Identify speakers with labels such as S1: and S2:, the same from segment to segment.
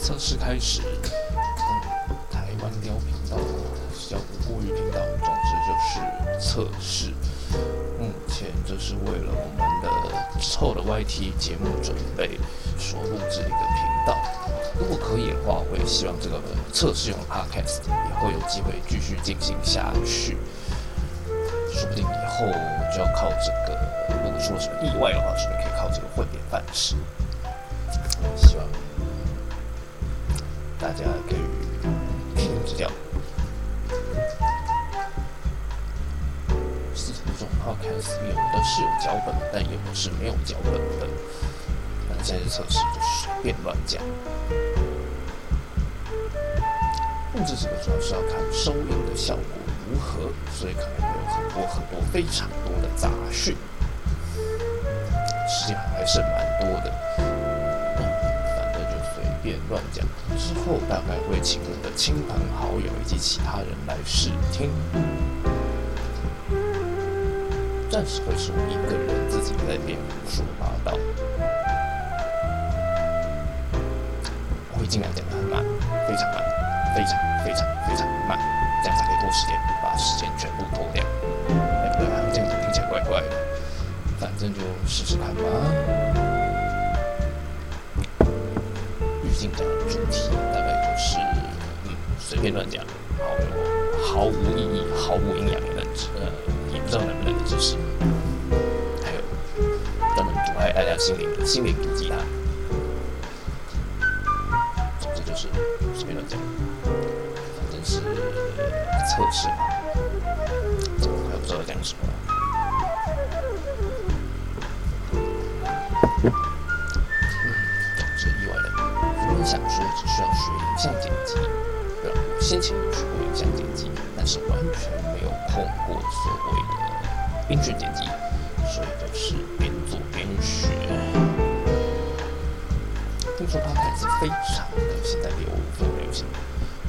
S1: 測試開始。嗯，台灣喵頻道，小布布魚頻道，總之就是測試。目前這是為了我們的之後的 YT 節目準備所錄制一個頻道。如果可以的話，會希望這個測試用的 Podcast 也會有機會繼續進行下去。說不定以後就要靠這個，如果出了什麼意外的話，說不定可以靠這個混點飯吃。希望。大家給予指教。視頻中，看似有的是有腳本，但有的是沒有腳本的。但這些測試就隨便亂講。錄製這個主要是要看收音的效果如何，所以可能會有很多很多非常多的雜訊，時間還是蠻多的。亂講之後，大概會請我們的親朋好友以及其他人來試聽。暫時會是我一個人自己在那邊胡說八道，我會盡量講的很慢，非常慢，非常非常非常慢，這樣子可以拖時間，把時間全部拖掉。哎不對，這樣子聽起來怪怪的，反正就試試看吧。盡量主題大概就是嗯，隨便亂講，然後毫無意義、毫無營養的認知，呃，也不知道能不能支持。還有，專門毒害大家心靈、心靈毒雞湯。總之就是隨便亂講，反正是測試，還不知道講什麼。嗯只需要學影像剪輯，對吧？我先前有學過影像剪輯，但是完全沒有碰過所謂的音訊剪輯，所以都是邊做邊學。聽說它還是非常的現在流行流游，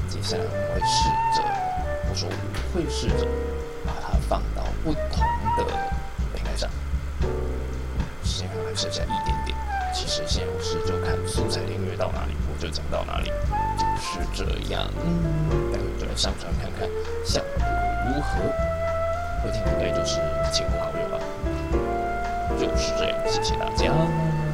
S1: 接下來我會試着，我說我會試着把它放到不同的平台上。時間還剩下一點點，其實現在我是就看素材音樂到哪裡。就講到哪裡，就是這樣。嗯，待會兒就來上傳看看效果如何。今天應該就是親朋好友吧。就是這樣。謝謝大家。